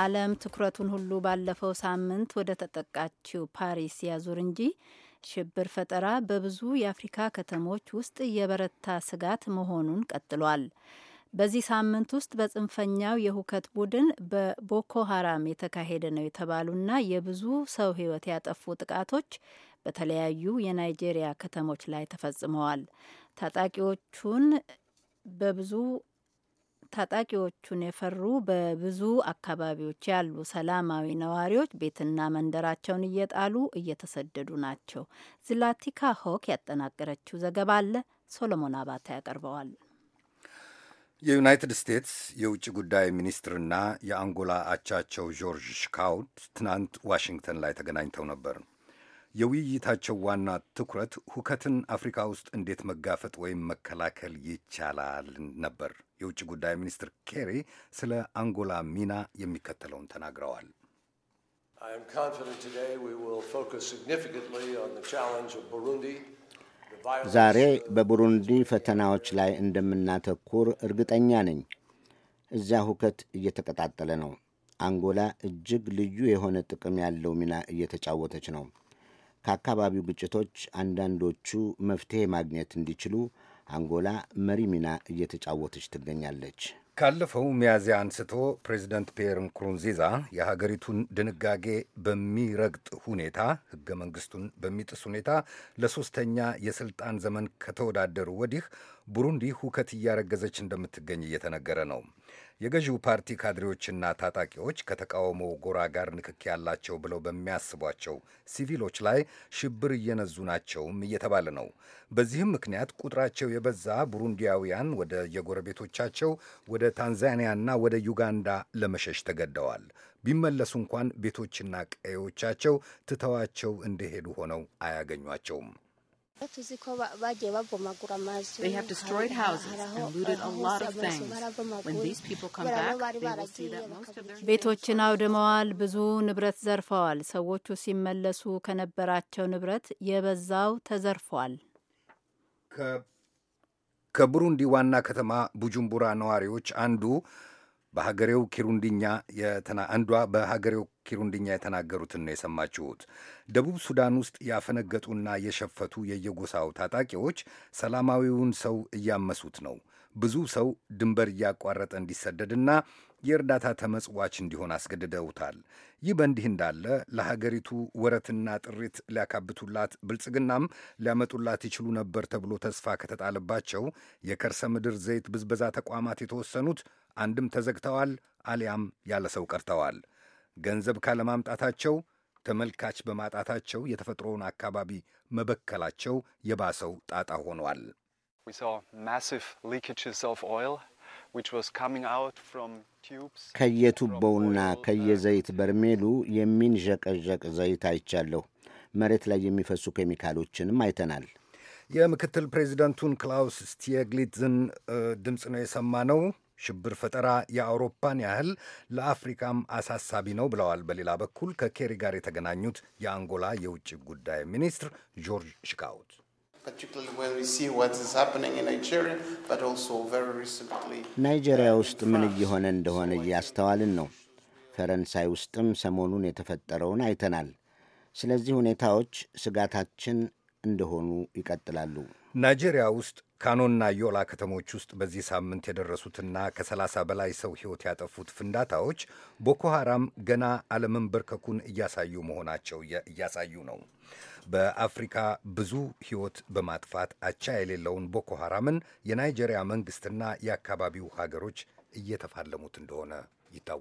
ዓለም ትኩረቱን ሁሉ ባለፈው ሳምንት ወደ ተጠቃችው ፓሪስ ያዙር እንጂ ሽብር ፈጠራ በብዙ የአፍሪካ ከተሞች ውስጥ የበረታ ስጋት መሆኑን ቀጥሏል። በዚህ ሳምንት ውስጥ በጽንፈኛው የሁከት ቡድን በቦኮ ሀራም የተካሄደ ነው የተባሉና የብዙ ሰው ሕይወት ያጠፉ ጥቃቶች በተለያዩ የናይጄሪያ ከተሞች ላይ ተፈጽመዋል። ታጣቂዎቹን በብዙ ታጣቂዎቹን የፈሩ በብዙ አካባቢዎች ያሉ ሰላማዊ ነዋሪዎች ቤትና መንደራቸውን እየጣሉ እየተሰደዱ ናቸው። ዝላቲካ ሆክ ያጠናቀረችው ዘገባ አለ፣ ሶሎሞን አባታ ያቀርበዋል። የዩናይትድ ስቴትስ የውጭ ጉዳይ ሚኒስትርና የአንጎላ አቻቸው ጆርጅ ሽካውድ ትናንት ዋሽንግተን ላይ ተገናኝተው ነበር። የውይይታቸው ዋና ትኩረት ሁከትን አፍሪካ ውስጥ እንዴት መጋፈጥ ወይም መከላከል ይቻላል ነበር። የውጭ ጉዳይ ሚኒስትር ኬሪ ስለ አንጎላ ሚና የሚከተለውን ተናግረዋል። ዛሬ በቡሩንዲ ፈተናዎች ላይ እንደምናተኩር እርግጠኛ ነኝ። እዚያ ሁከት እየተቀጣጠለ ነው። አንጎላ እጅግ ልዩ የሆነ ጥቅም ያለው ሚና እየተጫወተች ነው። ከአካባቢው ግጭቶች አንዳንዶቹ መፍትሄ ማግኘት እንዲችሉ አንጎላ መሪ ሚና እየተጫወተች ትገኛለች። ካለፈው ሚያዝያ አንስቶ ፕሬዚደንት ፒየር ንኩሩንዚዛ የሀገሪቱን ድንጋጌ በሚረግጥ ሁኔታ ህገ መንግስቱን በሚጥስ ሁኔታ ለሶስተኛ የስልጣን ዘመን ከተወዳደሩ ወዲህ ቡሩንዲ ሁከት እያረገዘች እንደምትገኝ እየተነገረ ነው። የገዢው ፓርቲ ካድሬዎችና ታጣቂዎች ከተቃውሞ ጎራ ጋር ንክክ ያላቸው ብለው በሚያስቧቸው ሲቪሎች ላይ ሽብር እየነዙ ናቸውም እየተባለ ነው። በዚህም ምክንያት ቁጥራቸው የበዛ ቡሩንዲያውያን ወደ የጎረቤቶቻቸው ወደ ታንዛኒያና ወደ ዩጋንዳ ለመሸሽ ተገደዋል። ቢመለሱ እንኳን ቤቶችና ቀዬዎቻቸው ትተዋቸው እንደሄዱ ሆነው አያገኟቸውም። They have destroyed houses and looted a lot of things. When these people come back, they will see that most of their ቤቶችን አውድመዋል፣ ብዙ ንብረት ዘርፈዋል። ሰዎቹ ሲመለሱ ከነበራቸው ንብረት የበዛው ተዘርፏል። ከቡሩንዲ ዋና ከተማ ቡጁምቡራ ነዋሪዎች አንዱ በሀገሬው ኪሩንዲኛ አንዷ በሀገሬው ኪሩንድኛ የተናገሩትን ነው የሰማችሁት። ደቡብ ሱዳን ውስጥ ያፈነገጡና የሸፈቱ የየጎሳው ታጣቂዎች ሰላማዊውን ሰው እያመሱት ነው። ብዙ ሰው ድንበር እያቋረጠ እንዲሰደድና የእርዳታ ተመጽዋች እንዲሆን አስገድደውታል። ይህ በእንዲህ እንዳለ ለሀገሪቱ ወረትና ጥሪት ሊያካብቱላት ብልጽግናም ሊያመጡላት ይችሉ ነበር ተብሎ ተስፋ ከተጣለባቸው የከርሰ ምድር ዘይት ብዝበዛ ተቋማት የተወሰኑት አንድም ተዘግተዋል፣ አሊያም ያለ ሰው ቀርተዋል። ገንዘብ ካለማምጣታቸው፣ ተመልካች በማጣታቸው የተፈጥሮውን አካባቢ መበከላቸው የባሰው ጣጣ ሆኗል። ከየቱቦውና ከየዘይት በርሜሉ የሚንዠቀዠቅ ዘይት አይቻለሁ። መሬት ላይ የሚፈሱ ኬሚካሎችንም አይተናል። የምክትል ፕሬዚደንቱን ክላውስ ስቲየግሊትዝን ድምፅ ነው ነው። ሽብር ፈጠራ የአውሮፓን ያህል ለአፍሪካም አሳሳቢ ነው ብለዋል። በሌላ በኩል ከኬሪ ጋር የተገናኙት የአንጎላ የውጭ ጉዳይ ሚኒስትር ጆርጅ ሽካውት ናይጄሪያ ውስጥ ምን እየሆነ እንደሆነ እያስተዋልን ነው። ፈረንሳይ ውስጥም ሰሞኑን የተፈጠረውን አይተናል። ስለዚህ ሁኔታዎች ስጋታችን እንደሆኑ ይቀጥላሉ። ናይጄሪያ ውስጥ ካኖና ዮላ ከተሞች ውስጥ በዚህ ሳምንት የደረሱትና ከ30 በላይ ሰው ሕይወት ያጠፉት ፍንዳታዎች ቦኮ ሐራም ገና አለመንበርከኩን እያሳዩ መሆናቸው እያሳዩ ነው። በአፍሪካ ብዙ ሕይወት በማጥፋት አቻ የሌለውን ቦኮ ሐራምን የናይጄሪያ መንግሥትና የአካባቢው ሀገሮች እየተፋለሙት እንደሆነ ይታወቃል።